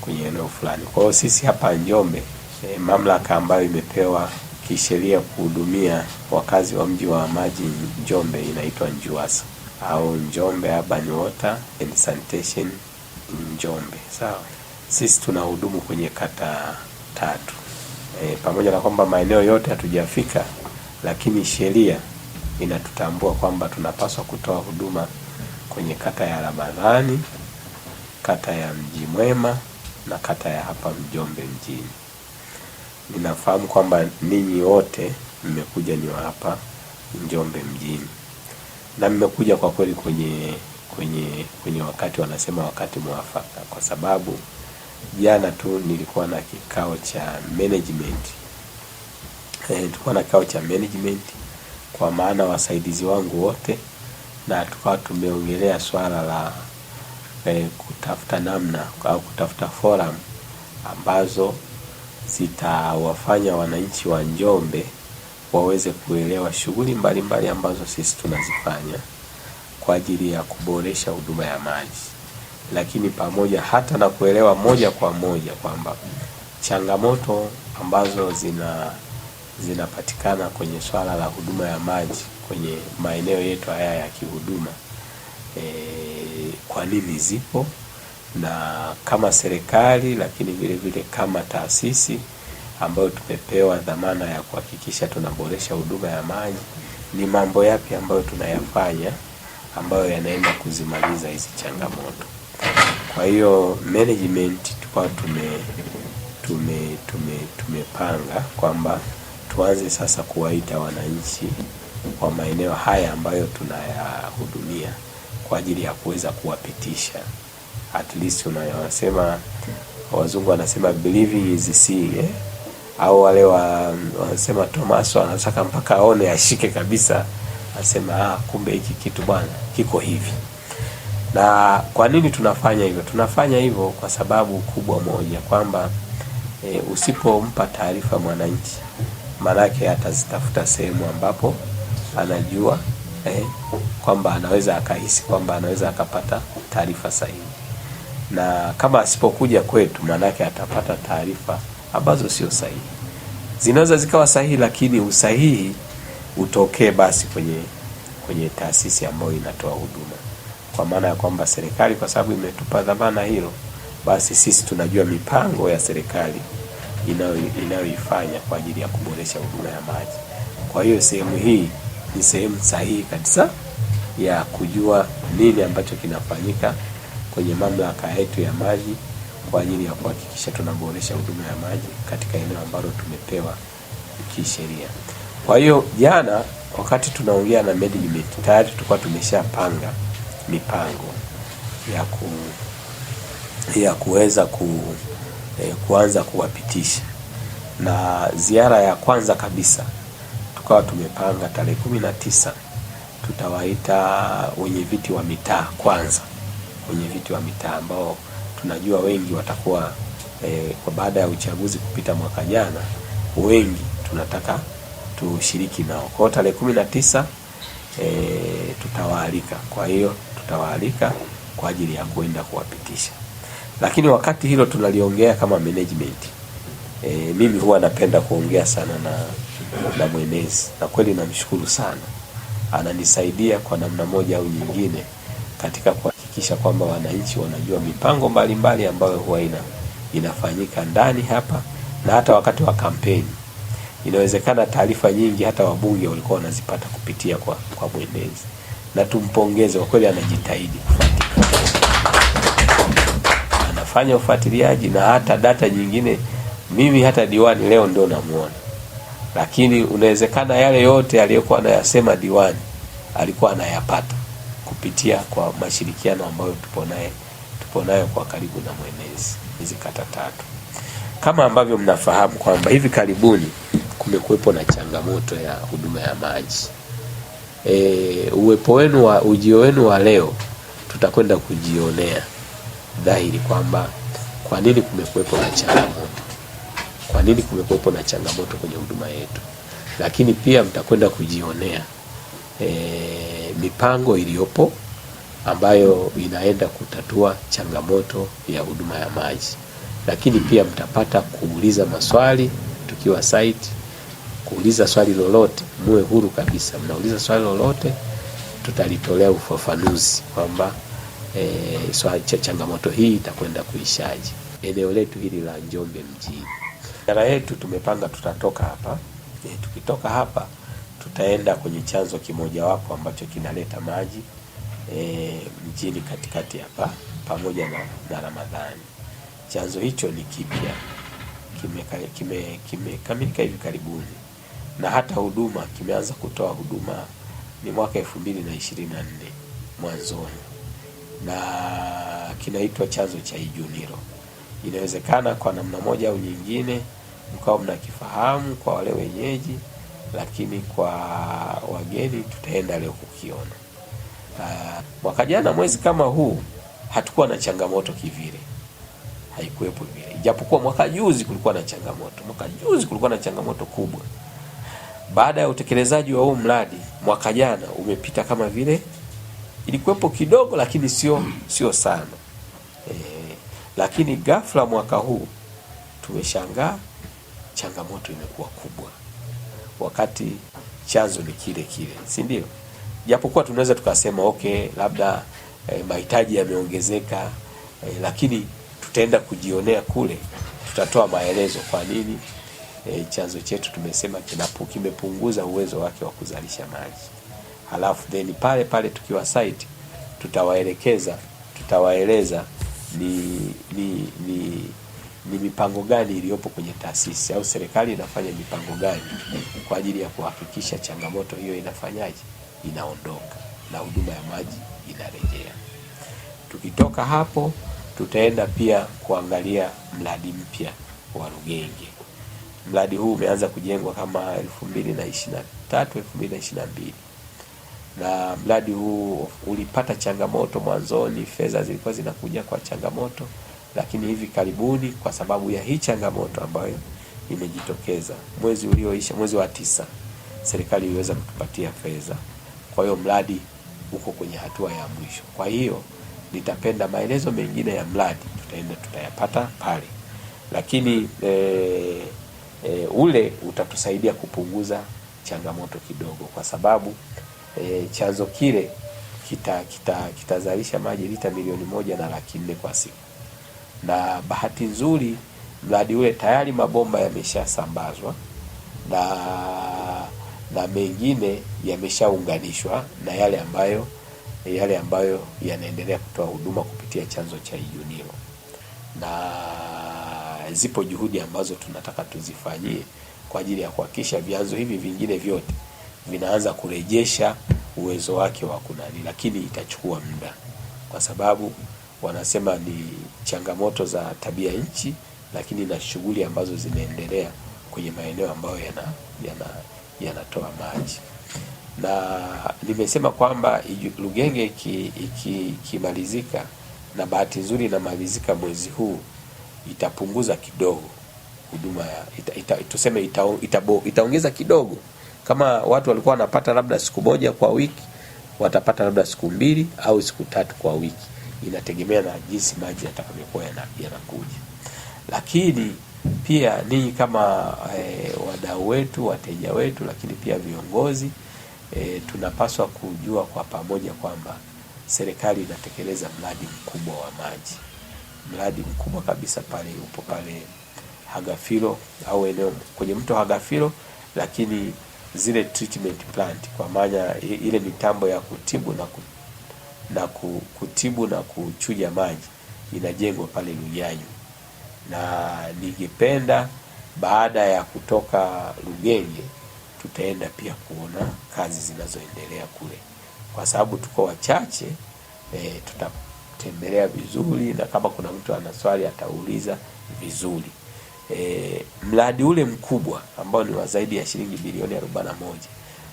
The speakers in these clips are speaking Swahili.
kwenye eneo fulani. Kwa hiyo sisi hapa Njombe e, mamlaka ambayo imepewa kisheria kuhudumia wakazi wa mji wa maji Njombe inaitwa NJUWASA au Njombe Urban Water and Sanitation Njombe. Sawa, sisi tunahudumu kwenye kata tatu e, pamoja na kwamba maeneo yote hatujafika, lakini sheria inatutambua kwamba tunapaswa kutoa huduma kwenye kata ya Ramadhani, kata ya Mji Mwema na kata ya hapa Njombe mjini. Ninafahamu kwamba ninyi wote mmekuja ni wa hapa Njombe mjini na mmekuja kwa kweli kwenye kwenye kwenye wakati wanasema wakati mwafaka, kwa sababu jana tu nilikuwa na kikao cha management eh, tulikuwa na kikao cha management kwa maana wasaidizi wangu wote, na tukawa tumeongelea swala la e, kutafuta namna au kutafuta forum ambazo zitawafanya wananchi wa Njombe waweze kuelewa shughuli mbalimbali ambazo sisi tunazifanya kwa ajili ya kuboresha huduma ya maji, lakini pamoja hata na kuelewa moja kwa moja kwamba changamoto ambazo zina zinapatikana kwenye swala la huduma ya maji kwenye maeneo yetu haya ya kihuduma e, kwa nini zipo na kama serikali, lakini vile vile kama taasisi ambayo tumepewa dhamana ya kuhakikisha tunaboresha huduma ya maji, ni mambo yapi ambayo tunayafanya ambayo yanaenda kuzimaliza hizi changamoto. Kwa hiyo management tukawa tume tume tume tumepanga kwamba tuanze sasa kuwaita wananchi kwa maeneo haya ambayo tunayahudumia kwa ajili ya kuweza kuwapitisha at least unayosema wazungu wanasema believe is seeing eh? au wale wa, wanasema Tomaso anataka mpaka aone ashike kabisa, asema ah, kumbe hiki kitu bwana kiko hivi. Na kwa nini tunafanya hivyo? Tunafanya hivyo kwa sababu kubwa moja kwamba e, usipompa taarifa mwananchi, maanake atazitafuta sehemu ambapo anajua eh, kwamba anaweza akahisi kwamba anaweza akapata taarifa sahihi, na kama asipokuja kwetu, maanake atapata taarifa ambazo sio sahihi. Zinaweza zikawa sahihi, lakini usahihi utokee basi kwenye kwenye taasisi ambayo inatoa huduma, kwa maana ya kwamba serikali, kwa sababu imetupa dhamana hilo, basi sisi tunajua mipango ya serikali inayoifanya kwa ajili ya kuboresha huduma ya maji. Kwa hiyo sehemu hii ni sehemu sahihi kabisa ya kujua nini ambacho kinafanyika kwenye mamlaka yetu ya maji kwa ajili ya kuhakikisha tunaboresha huduma ya maji katika eneo ambalo tumepewa kisheria. Kwa hiyo jana, wakati tunaongea na management, tayari tulikuwa tumeshapanga mipango ya ku ya kuweza ku, eh, kuanza kuwapitisha na ziara ya kwanza kabisa tukawa tumepanga tarehe kumi na tisa tutawaita wenye viti wa mitaa kwanza, wenye viti wa mitaa ambao tunajua wengi watakuwa e, kwa baada ya uchaguzi kupita mwaka jana, wengi tunataka tushiriki nao. Kwa tarehe kumi na tisa e, tutawaalika. Kwa hiyo tutawaalika kwa ajili ya kuenda kuwapitisha, lakini wakati hilo tunaliongea kama management e, mimi huwa napenda kuongea sana na na mwenezi, na kweli namshukuru sana, ananisaidia kwa namna moja au nyingine katika kuhakikisha kwamba wananchi wanajua mipango mbalimbali ambayo huwa ina inafanyika ndani hapa na hata wakati wa kampeni inawezekana taarifa nyingi hata wabunge walikuwa wanazipata kupitia kwa, kwa mwenezi na tumpongeze kwa kweli, anajitahidi anafanya ufuatiliaji na hata data nyingine. Mimi hata diwani leo ndio namuona lakini unawezekana yale yote aliyokuwa anayasema diwani alikuwa anayapata kupitia kwa mashirikiano ambayo tupo naye tupo nayo kwa karibu na mwenezi hizi kata tatu. Kama ambavyo mnafahamu kwamba hivi karibuni kumekuwepo na changamoto ya huduma ya maji. E, uwepo wenu wa ujio wenu wa leo tutakwenda kujionea dhahiri kwamba kwa nini kumekuwepo na changamoto kwa nini kumekuwepo na changamoto kwenye huduma yetu, lakini pia mtakwenda kujionea e, mipango iliyopo ambayo inaenda kutatua changamoto ya huduma ya maji, lakini pia mtapata kuuliza maswali tukiwa site, kuuliza swali lolote, muwe huru kabisa, mnauliza swali lolote, tutalitolea ufafanuzi kwamba e, swali cha changamoto hii itakwenda kuishaje eneo letu hili la Njombe mjini biashara yetu tumepanga tutatoka hapa e, tukitoka hapa tutaenda kwenye chanzo kimojawapo ambacho kinaleta maji e, mjini katikati hapa pamoja na, na Ramadhani. Chanzo hicho ni kipya kimekamilika kime, kime hivi karibuni na hata huduma kimeanza kutoa huduma ni mwaka elfu mbili na ishirini na nne mwanzoni, na kinaitwa chanzo cha Ijuniro. Inawezekana kwa namna moja au nyingine mkawa mnakifahamu kwa wale wenyeji, lakini kwa wageni tutaenda leo kukiona. Uh, mwaka jana mwezi kama huu hatukuwa na changamoto kivile, haikuwepo vile, ijapokuwa mwaka juzi kulikuwa na changamoto. Mwaka juzi kulikuwa na changamoto kubwa. Baada ya utekelezaji wa huu mradi mwaka jana umepita kama vile ilikuwepo kidogo, lakini sio sio sana e, lakini ghafla mwaka huu tumeshangaa changamoto imekuwa kubwa, wakati chanzo ni kile kile, si ndio? Japokuwa tunaweza tukasema okay, labda eh, mahitaji yameongezeka eh, lakini tutaenda kujionea kule, tutatoa maelezo kwa nini eh, chanzo chetu tumesema kinapo kimepunguza uwezo wake wa kuzalisha maji, halafu then pale pale tukiwa site tutawaelekeza, tutawaeleza ni ni ni ni mipango gani iliyopo kwenye taasisi au serikali inafanya mipango gani kwa ajili ya kuhakikisha changamoto hiyo inafanyaje, inaondoka na huduma ya maji inarejea. Tukitoka hapo, tutaenda pia kuangalia mradi mpya wa Rugenge. Mradi huu umeanza kujengwa kama elfu mbili na ishirini na tatu elfu mbili na ishirini na mbili na mradi huu ulipata changamoto mwanzoni, fedha zilikuwa zinakuja kwa changamoto lakini hivi karibuni kwa sababu ya hii changamoto ambayo imejitokeza mwezi ulioisha, mwezi wa tisa, serikali iliweza kutupatia fedha. Kwa hiyo mradi uko kwenye hatua ya mwisho. Kwa hiyo nitapenda maelezo mengine ya mradi tutaenda tutayapata pale, lakini e, e, ule utatusaidia kupunguza changamoto kidogo, kwa sababu e, chanzo kile kitazalisha kita, kita maji lita milioni moja na laki nne kwa siku na bahati nzuri mradi ule tayari mabomba yameshasambazwa na na mengine yameshaunganishwa na yale ambayo yale ambayo yanaendelea kutoa huduma kupitia chanzo cha Ijunilo, na zipo juhudi ambazo tunataka tuzifanyie kwa ajili ya kuhakikisha vyanzo hivi vingine vyote vinaanza kurejesha uwezo wake wa kunani, lakini itachukua muda kwa sababu wanasema ni changamoto za tabia nchi, lakini na shughuli ambazo zinaendelea kwenye maeneo ambayo yanatoa yana, yanatoa maji na nimesema kwamba Lugenge ikimalizika iki, na bahati nzuri inamalizika mwezi huu itapunguza kidogo huduma ya ita, ita, tuseme ita, ita itaongeza kidogo. Kama watu walikuwa wanapata labda siku moja kwa wiki watapata labda siku mbili au siku tatu kwa wiki inategemea na jinsi maji yatakavyokuwa yanakuja, lakini pia ninyi kama e, wadau wetu, wateja wetu, lakini pia viongozi e, tunapaswa kujua kwa pamoja kwamba serikali inatekeleza mradi mkubwa wa maji, mradi mkubwa kabisa pale upo pale Hagafilo au eneo kwenye mto Hagafilo, lakini zile treatment plant kwa maana ile mitambo ya kutibu na kutibu na kutibu na kuchuja maji inajengwa pale Lugyanyu, na ningependa baada ya kutoka Lugenge tutaenda pia kuona kazi zinazoendelea kule, kwa sababu tuko wachache e, tutatembelea vizuri, na kama kuna mtu ana swali atauliza vizuri. E, mradi ule mkubwa ambao ni wa zaidi ya shilingi bilioni arobaini na moja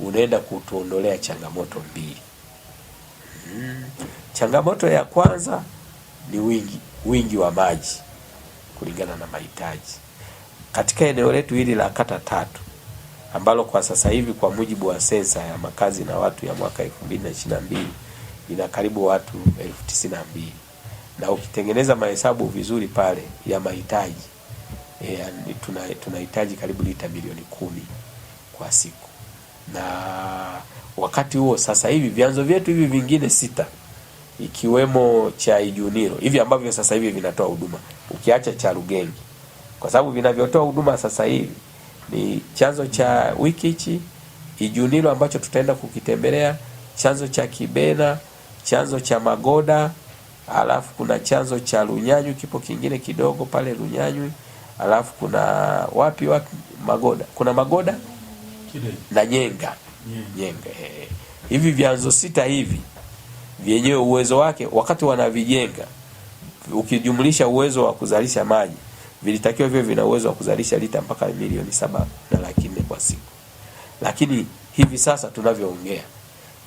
unaenda kutuondolea changamoto mbili. Changamoto ya kwanza ni wingi, wingi wa maji kulingana na mahitaji katika eneo letu hili la kata tatu ambalo kwa sasa hivi kwa mujibu wa sensa ya makazi na watu ya mwaka 2022 ina karibu watu elfu tisini na mbili na ukitengeneza mahesabu vizuri pale ya mahitaji e, tunahitaji tuna karibu lita milioni kumi kwa siku na wakati huo sasa hivi vyanzo vyetu hivi vingine sita ikiwemo cha Ijuniro hivi ambavyo sasa hivi vinatoa huduma, ukiacha cha Rugenge, kwa sababu vinavyotoa huduma sasa hivi ni chanzo cha wikichi ijunilo Ijuniro ambacho tutaenda kukitembelea, chanzo cha Kibena, chanzo cha Magoda, alafu kuna chanzo cha Lunyanywi, kipo kingine kidogo pale Lunyanywi, alafu kuna wapi wapi Magoda, kuna Magoda na jenga jenga. Eh, eh. Hivi vyanzo sita hivi vyenyewe uwezo wake wakati wanavijenga, ukijumlisha uwezo wa kuzalisha maji, vilitakiwa vio vina uwezo wa kuzalisha lita mpaka milioni saba na laki nne kwa siku, lakini hivi sasa tunavyoongea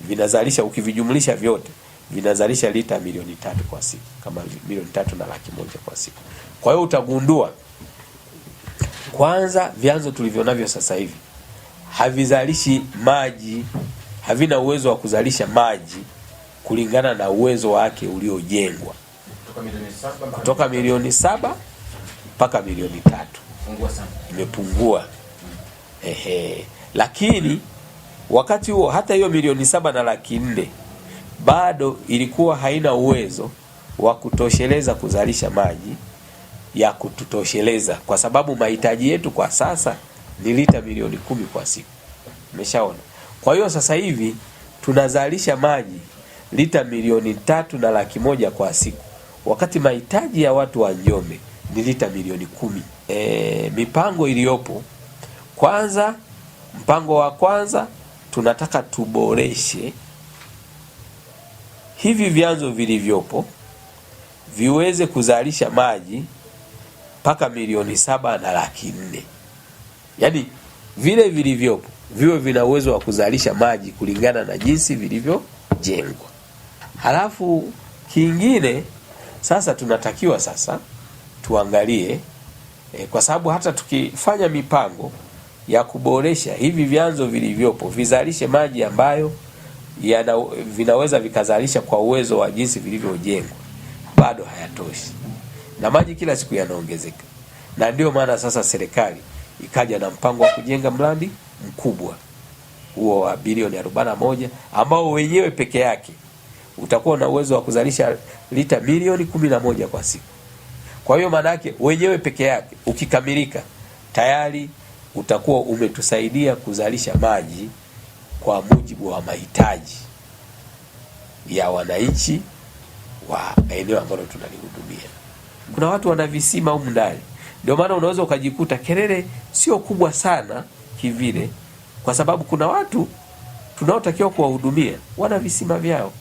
vinazalisha ukivijumlisha vyote vinazalisha lita milioni tatu kwa siku, kama milioni tatu na laki moja kwa siku. Kwa hiyo utagundua kwanza vyanzo tulivyonavyo sasa hivi havizalishi maji, havina uwezo wa kuzalisha maji kulingana na uwezo wake uliojengwa kutoka milioni saba mpaka milioni tatu imepungua. Ehe, lakini wakati huo hata hiyo milioni saba na laki nne bado ilikuwa haina uwezo wa kutosheleza kuzalisha maji ya kututosheleza, kwa sababu mahitaji yetu kwa sasa lilita bilioni kumi kwa siku. Umeshaona? Kwa hiyo sasa hivi tunazalisha maji lita milioni tatu na laki moja kwa siku, wakati mahitaji ya watu wa Njombe ni lita milioni kumi. E, mipango iliyopo kwanza, mpango wa kwanza tunataka tuboreshe hivi vyanzo vilivyopo viweze kuzalisha maji mpaka milioni saba na laki nne. Yaani vile vilivyopo viwe vina uwezo wa kuzalisha maji kulingana na jinsi vilivyojengwa. Halafu kingine sasa tunatakiwa sasa tuangalie e, kwa sababu hata tukifanya mipango ya kuboresha hivi vyanzo vilivyopo vizalishe maji ambayo yana vinaweza vikazalisha kwa uwezo wa jinsi vilivyojengwa, bado hayatoshi, na maji kila siku yanaongezeka, na ndiyo maana sasa serikali ikaja na mpango wa kujenga mradi mkubwa huo wa bilioni 41 ambao wenyewe peke yake utakuwa na uwezo wa kuzalisha lita milioni 11 kwa siku. Kwa hiyo maana yake wenyewe peke yake ukikamilika, tayari utakuwa umetusaidia kuzalisha maji kwa mujibu wa mahitaji ya wananchi wa eneo ambalo tunalihudumia. Kuna watu wana visima humu ndani ndio maana unaweza ukajikuta kelele sio kubwa sana kivile, kwa sababu kuna watu tunaotakiwa kuwahudumia wana visima vyao,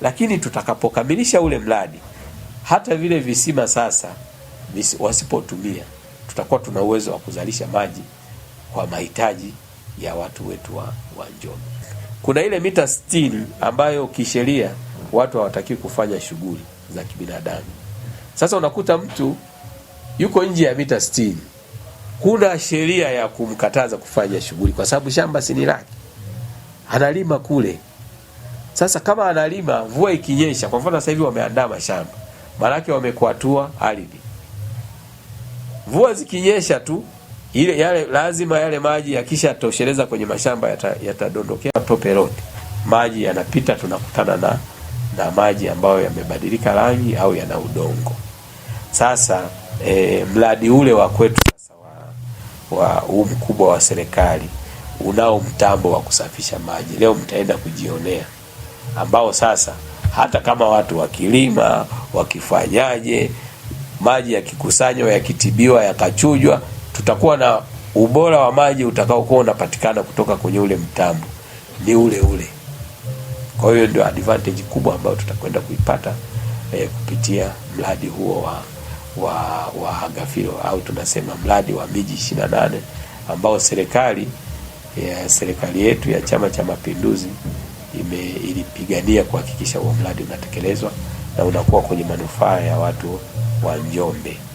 lakini tutakapokamilisha ule mradi, hata vile visima sasa visi, wasipotumia tutakuwa tuna uwezo wa kuzalisha maji kwa mahitaji ya watu wetu wa, wa Njombe. Kuna ile mita sitini ambayo kisheria watu hawatakiwi kufanya shughuli za kibinadamu. Sasa unakuta mtu yuko nje ya mita 60 kuna sheria ya kumkataza kufanya shughuli kwa sababu shamba si lake, analima kule. Sasa kama analima, mvua ikinyesha, kwa mfano sasa hivi wameandaa mashamba, maanake wamekwatua ardhi. Mvua zikinyesha tu ile yale, lazima yale maji yakishatosheleza kwenye mashamba yatadondokea yata tope lote, maji yanapita, tunakutana na na maji ambayo yamebadilika rangi au yana udongo. Sasa e, mradi ule wa kwetu sasa wa huu mkubwa wa serikali unao mtambo wa kusafisha maji, leo mtaenda kujionea, ambao sasa hata kama watu wakilima wakifanyaje, maji yakikusanywa, yakitibiwa, yakachujwa, tutakuwa na ubora wa maji utakaokuwa unapatikana kutoka kwenye ule mtambo ni ule ule. Kwa hiyo ndio advantage kubwa ambayo tutakwenda kuipata eh, kupitia mradi huo wa wa, wa Hagafilo au tunasema mradi wa miji 28 ambao serikali ya serikali yetu ya Chama cha Mapinduzi ime ilipigania kuhakikisha huo mradi unatekelezwa na unakuwa kwenye manufaa ya watu wa Njombe.